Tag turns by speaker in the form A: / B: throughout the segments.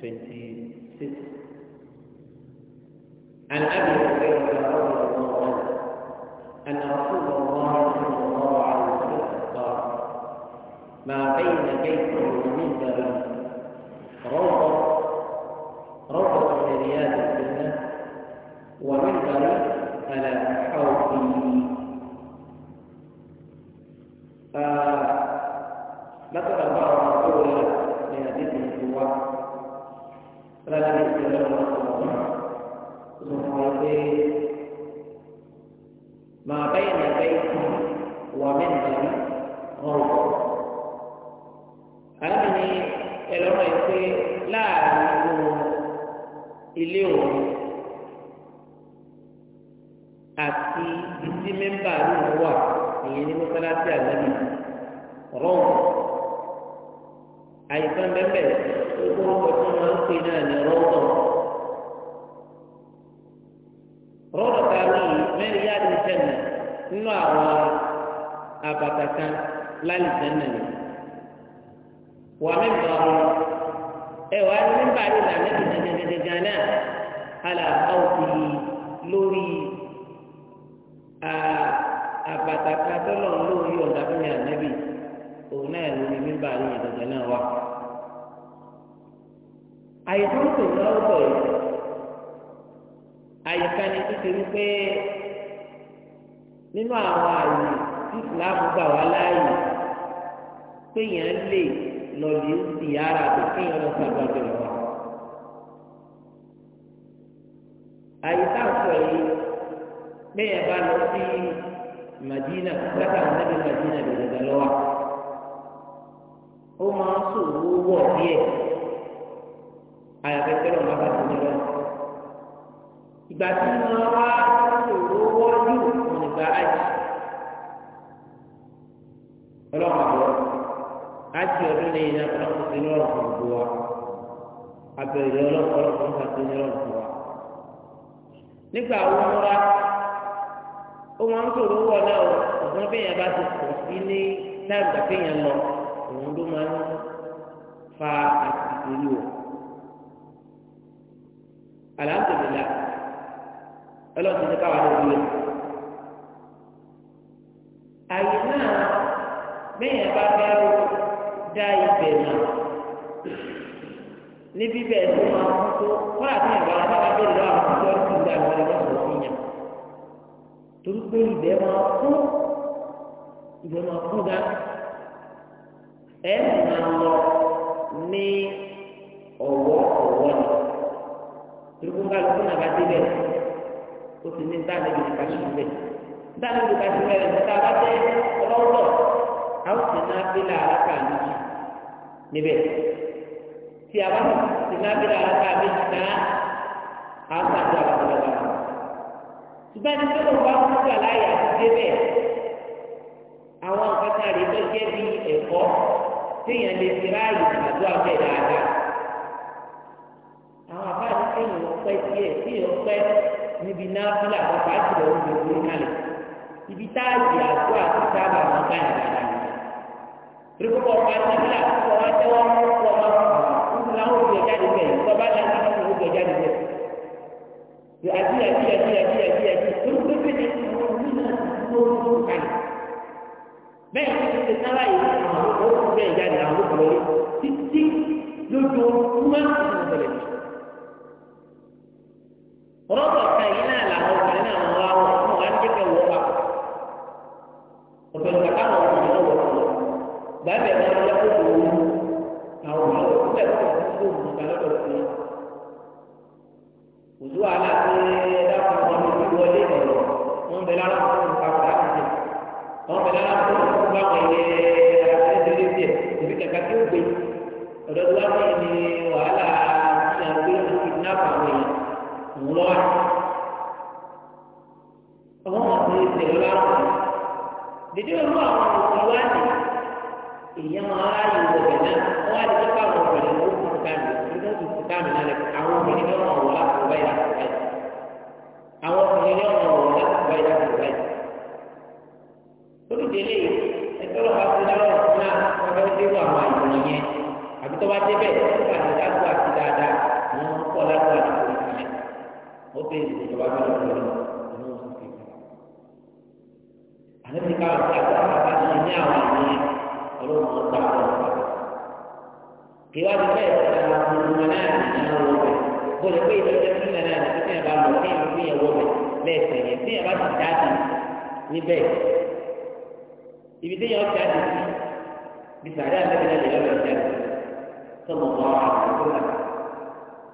A: عن أبي هريرة رضي الله عنه أن رسول الله صلى الله عليه وسلم قال ما بين بيت ومنبر روضة ما بين البيت ومنبر غرفة alábìíní ẹlọ́rọ̀ yìí pé láàrin gbogbo ilé òun àti ìdí mẹ́mbà lóun wà èyí ní mọ́sálásí àgbẹ̀bí àìsàn bẹ́ẹ̀ tó kọ́ ọkọ̀ tí wọ́n ń pè náà ní rọ́ọ̀mù rọ́rọ̀ ta ní mẹ́rin yá ni jẹ́nà nínú àwọn àbàtà kan lálẹ́ jẹ́nà ni. wà mí bọ̀ ọ́ ẹ wà ní nígbà yìí là ní gẹgẹgẹgẹ náà alà ọ̀sì lórí àbàtà kan tó lọ́n lórí ọ̀dà fún yàrá nẹ́bì òun náà lórí nígbà yìí gẹgẹ náà wà. àyè tó ń tò lọ́wọ́ bọ̀ yìí ṣe wípé nínú àwọn àyè tí ìsìláàmù gbà wá láàyè pé yẹn lè lọ lè ń di ara àti kéèyàn lọ sí àgbàdo ìwà. àyè tá a sọ yìí bẹ́ẹ̀ bá lọ sí Madina látàwọn ẹgbẹ́ Madina lè dàgbà lọ́wọ́ ó máa ń sòwò wọ̀ díẹ̀ àyàfẹ́ ìgbà tí wọ́n wá lòrò wọ́jú wọn ìgbà ájì ọlọ́run àbọ̀ ọdún lẹ́yìn náà ọlọ́run ti ní ọ̀rọ̀ gbogbo wa abẹ̀rẹ̀ ọlọ́run ti ní ọ̀rọ̀ gbogbo wa. nígbà wo wá ó máa bá ti sí ní lọ òun ló máa ń fa o. ọlọ́run ti ní káwọn lórí rẹ̀. àyè náà bẹ́yẹn bá fẹ́ dá ibẹ̀ náà ní bíbẹ̀ tó máa ń tó kọ́lá tí ìgbà wọn bá bẹ̀rẹ̀ lọ́wọ́ àwọn ìjọ ìlú ìgbà wọn lè wọ́n sọ̀rọ̀ sí torí pé ibẹ̀ máa kú ibẹ̀ máa kú dá ẹ̀ máa lọ ní ọ̀wọ́ ọ̀wọ́ ni torí pé wọn bá lọ sí nàbàdébẹ̀ ó ti ní dáná ibi ká sùn bẹ́ẹ̀ dáná ibi ká sùn bẹ́ẹ̀ níta bá tẹ ọlọ́wọ́ a ó sì náà fi làárá ká méjì níbẹ̀ tí a bá sì náà fi làárá ká méjì náà a ó sàdé àbàbàbà ṣùgbọ́n ní tó lọ́wọ́ àwọn ọ̀gá láyé àti débẹ̀ àwọn nǹkan kan rèé tó jẹ́ bí ẹ̀kọ́ téèyàn lè fi ráàyè àdúrà bẹ́ẹ̀ dáadáa àwọn àbá àti téèyàn ọpẹ́ díẹ̀ téèyàn ọpẹ́ níbi náà fúlà bàbá jùlọ oúnjẹ orí kalẹ̀ ibi táàjì àgbo àti sábà wọn bá yàrá rà ní. rúkúkọ ọba sábìlà kọ wá tẹwọ ọkọ ọmọ ọmọ làwọn òbí ẹja lè bẹ ìkọba làwọn àwọn òbí ẹja lè bẹ. yọ àti àti àti àti àti àti olùkọ́ pèsè àwọn òbí náà ló ń tó kalẹ̀.
B: bẹ́ẹ̀ ni ti sábà yìí àwọn òbí ẹja lè àwọn òbí ọ̀rẹ́
A: títí lójoojúmọ́ ìṣẹ̀lẹ̀ yìí.
B: gbàgbé wọn lọ kó tó
A: wọn àwọn ọmọ tó kú bẹ́ẹ̀ kó tó wọn nípa lọ́dọ̀ sí i òtún wàhálà pé dákun wọn ló fi wọlé ìrọ̀lọ́ wọn bẹ lára wọn fún ìpapò láti jẹ wọn bẹ lára wọn fún ìpapò àwọn ilé àtẹnudẹlẹ díẹ̀ èmi kàkà tí ó gbé ọ̀dọ̀ tó wá ní ní wàhálà ìyàgbé ìdínáàbà àwọn èèyàn ń lọ́wọ́ àwọn ọmọ tó ń tẹ̀lé láwọn dídí olú àwọn òkú wá nìyí èèyàn máa ráàyè wọ bẹ̀ náà wọ́n wá dídí pa àwọn obìnrin ló kún un káàmì nígbà tó kún káàmì náà lẹ́kọ̀ọ́ àwọn obìnrin ní ọ̀nà ọ̀wọ́ láti wáyé láti wáyé
B: àwọn obìnrin ní ọ̀nà ọ̀wọ́ láti wáyé láti wáyé.
A: lórí délé ẹgbẹ́ ọ̀gá ti lọ́rọ̀ fún náà wọ́n fẹ́ dé wọ àwọn àyè wọ̀nyẹn àbí tó bá débẹ̀ nígbà tó dágbó àti dáadáa wọ́n kọ́ lágbó àti ìfìlẹ̀ ó bẹ̀rẹ̀ ìjọba bá ọlọ́run ọgbà ọ̀pá kí wá ti bẹ́ẹ̀ sọ̀rọ̀ àwọn ọmọ náà nìyẹn wọ bẹ̀ bọ́lá pé ìdájọ́ sí nàná àti tí yẹn bá lọ sí ìlú yẹn wọ bẹ̀ lẹ́ẹ̀sẹ̀ yẹn tí yẹn bá ti jáde níbẹ̀ ibi tí yẹn jáde sí bí sàrẹ́ àtẹ́tẹ́ lè lọ́wọ́ jáde sọmọ wọn àtúntò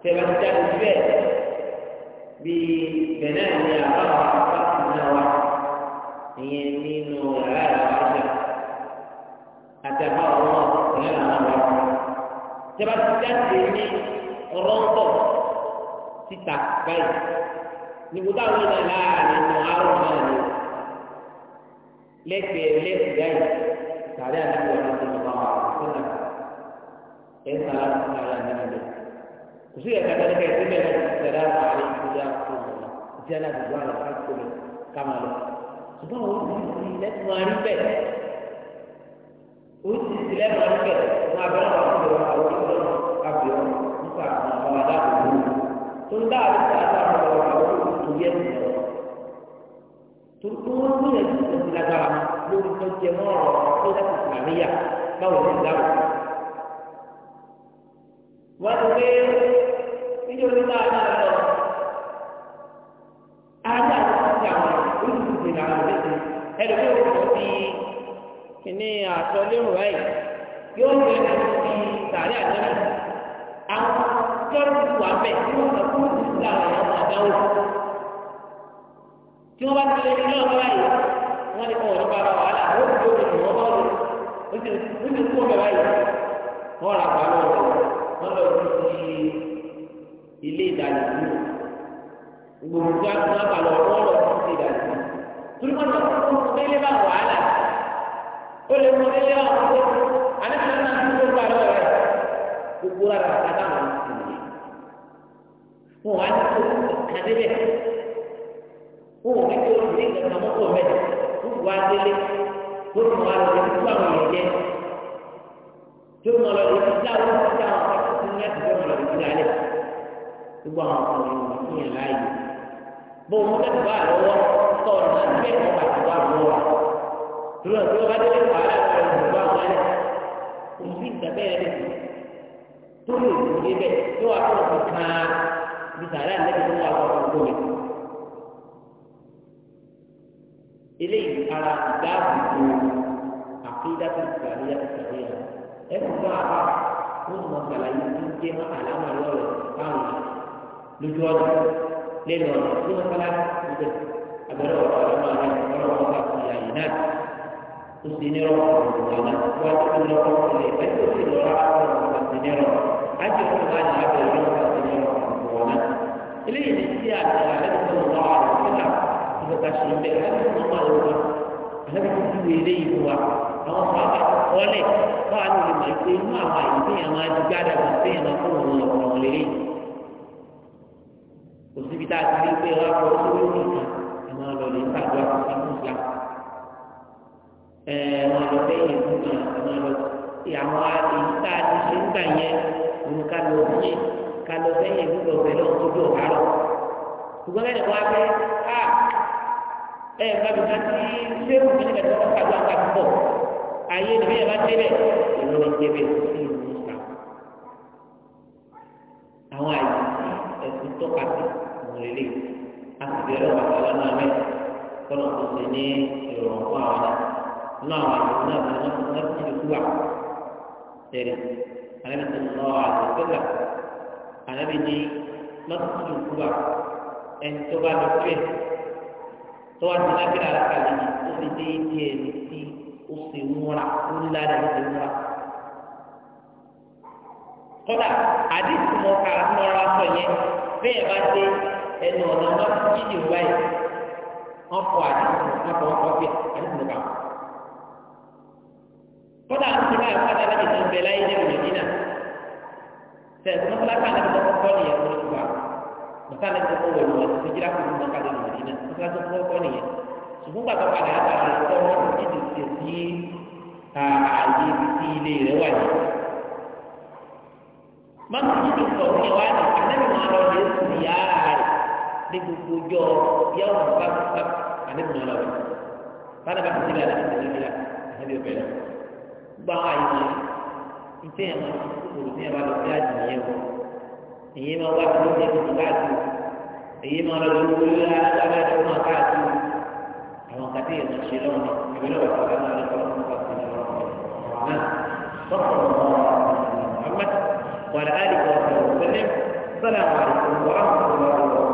A: tí yẹn bá ti tẹ́lá ti jáde ní rọ́ńtọ̀
B: síta báyìí níbo táwọn náà láàrin nù àrùn náà ni
A: lẹ́gbẹ̀ẹ́ lẹ́gbẹ̀ẹ́ báyìí sàrí àdúgbò ọ̀nà tó bá wà sọ́nà
B: ẹ̀ sàrà sàrà nínú rẹ̀
A: kò sí ẹ̀ka tẹ́lẹ̀ kẹ́kẹ́ bẹ́ẹ̀ náà ti sẹ̀rẹ̀ àpárí ìdílé àkókò ọ̀nà ìdílé àdúgbò àlọ́ káàkiri kàmá ṣùgbọ́n òun ti lẹ́tùmọ̀ àrí bẹ́ẹ̀ oríṣiríṣi lẹ́nu ọ̀rẹ́kẹ̀ wọn abẹ́rẹ́ wọn ti lọ àwọn oníṣẹ́ abẹ́rẹ́ nípa àwọn adáàbòbò tó ń dáàbò sí adáàbò àwọn olùtò yẹn ti lọ. tuntun wọn ní ẹ̀sìn tó ti lágbára lórí tó jẹ mọ́ ọ̀rọ̀ tó dáàbò sí àríyá báwo ni ìdáàbò. wọ́n ti pé níjẹ́ oníṣẹ́ adáàbò lọ adáàbò sí àwọn olùtò yẹn làwọn ọ̀rẹ́ ti ẹ̀rọ ìní àtọ́lérò ẹ̀ yóò fi ẹ̀kọ́ ti sàárẹ̀ àjẹ́rẹ́ àwọn tọ́lù wà bẹ̀ tí wọ́n sọ fún ìdílé àwọn ọmọ àdáwò
B: tí wọ́n bá ti lé ilé ọmọ báyìí wọ́n ní kọ́ ọ̀dọ́ bá ra wàhálà ó ti tó ìdùnnú ọmọ ọdún ó ti kú ọmọ báyìí wọ́n rà pa lọ́wọ́
A: wọ́n lọ sí ilé ìdánilú gbogbo tí wọ́n bá lọ wọ́n lọ sí
B: ilé ìdánilú ó lè mọ ilé àwọn tó àní kan náà tó gbogbo àlọ́
A: rẹ̀ gbogbo ara àtàkà wọn sì ní. wọn wá ní kó kàdé bẹ́ẹ̀ wọn ò ní kó ní ìgbà mọ́tò bẹ́ẹ̀ wọn wá délé wọn mọ àlọ́ rẹ̀ tó àwọn yẹn jẹ́ tó mọ lọ lórí tí àwọn tó ti àwọn akẹ́kọ̀ọ́ tó ní àtijọ́ mọ lọ lórí tí alẹ́ gbogbo àwọn ọmọ yẹn wọ́n ti yàn láàyè bó wọn bẹ́ẹ̀ bá àlọ́ wọ́ tọ̀ ọ̀nà bẹ́ẹ̀ wọ́n bá ti wá àlọ́ wọ́ torí ọ̀sẹ̀ wọn bá dé lẹ́kọ̀ọ́ aláàbọ̀ ìlú bá wọn lẹ̀ kò sí ìgbàgbẹ́ rẹ̀ lẹ́kọ̀ọ́ tó lè kó lé bẹ́ẹ̀ tí wọ́n á tọ̀ kan bí sàrà lẹ́kọ̀ọ́ tó wà lọ́wọ́ tó lẹ̀. eléyìí ara ìdáàbòbò àfíìdàtì ìgbàlóyà ìgbàlóyà ẹ kò fún àbá ó mọ àlàyé tó ń jẹ́ àlámà lọ́rọ̀ báwọn lójú ọ̀dọ̀ lẹ́nu ọ̀nà tó ń fọlá ìbẹ̀rẹ̀ àbẹ̀rẹ̀ ọ̀rọ̀ àlámà rẹ̀ usiniro wana watu mloko ile pepo sinora hapo usiniro aje kufanya hapo ile usiniro wana ile ni sia ya Allah Taala kwa tashlimi hapo kwa Allah lakini kiwe ile kwa àwọn sábà kọ́lẹ̀ wà lórí mọ̀ pé inú àwọn àyè tí èèyàn máa ti gbádà kan tí èèyàn máa kó òun lọ kàn lélẹ̀ kò síbi tá a ti rí pé wọ́n á kọ́ sórí òkè kan ẹ̀ máa lọ lè ń tàgbà fún ìmúṣà wọn lọ bẹ yẹn fún yẹn wọn lọ àwọn èyí tá a ti ṣe ń gbà yẹn òun ká lọ bí yẹn ká lọ bẹ yẹn fún lọbẹ lọ tó dọ̀ wá lọ. ṣùgbọ́n kẹ́ni kan wá pé a ẹ bàbá mi ká ti ṣé kò ní kẹ́ni kan ká gbàgbà púpọ̀ ayé ni bẹ́ẹ̀ bá débẹ̀ ìlú ni débẹ̀ sí ìlú ìgbà. àwọn àyè ẹ̀sìn tó pàtó ìmọ̀lẹ́lẹ́ àti ìbẹ̀rẹ̀ wà lọ́nà mẹ́ta kọ́nà tó ṣe ní ìrọ̀rùn fún àwọn náà náà àwọn náà wọn náà wọn ti lè kúwà tẹ̀lé alẹ́ tó ń lọ àwọn ìgbẹ́lẹ̀ alẹ́ bí ní mọ́tòkì kúwà ẹni tó bá lọ fẹ́ tó wá sí lábẹ́rẹ́ alákàlẹ́ yìí ó fi dé ibi ẹni tí ó sì múra ó ń lára ó sì múra. kọ́dà àdìsí mọ́ka mọ́ra sọ yẹn bẹ́ẹ̀ bá dé ẹnu ọ̀nà mọ́tòkì yìí wáyé wọ́n fọ àdìsí mọ́ka wọ́n kọ́ bẹ́ẹ̀ àdìsí mọ́ka wọ́n kódà ń ti báyìí kódà láti sọ bẹ láyé ní ìròyìn nínà tẹsán fúlákà náà ti kọ́kọ́ kọ́ nìyẹn tó ti wà mọ̀tà náà ti kọ́kọ́ wọlé wọn ti jíra fún mi mọ̀tà náà ìròyìn nínà mọ̀tà náà ti kọ́kọ́ kọ́ nìyẹn ṣùgbọ́n pàtó padà yàtọ̀ àwọn ẹ̀kọ́ wọn ti ti tẹ̀ sí ààyè ti ilé rẹ̀ wà ní.
B: mọ́tò yìí ti sọ fún ní àlẹ́bí
A: ní gbogbo ọjọ́ yàrá wọn bá lọ gbọ́ àwọn àyè ìtẹ́ ẹ̀ máa fi kúrò ní ẹ̀rọ àlọ́ jáde nìyẹn o èyí máa wá sí ilé tuntun káàkiri èyí máa lọ sí olú alágbára ẹ̀rọ máa káàkiri àwọn kàtí ẹ̀ máa ṣe lọ́wọ́ ìwé lọ́wọ́ tó bá máa lọ́kọ́ lọ́wọ́ tó bá máa lọ́kọ́ náà sọ́kọ̀ محمد وعلى آله وصحبه وسلم السلام عليكم ورحمة الله وبركاته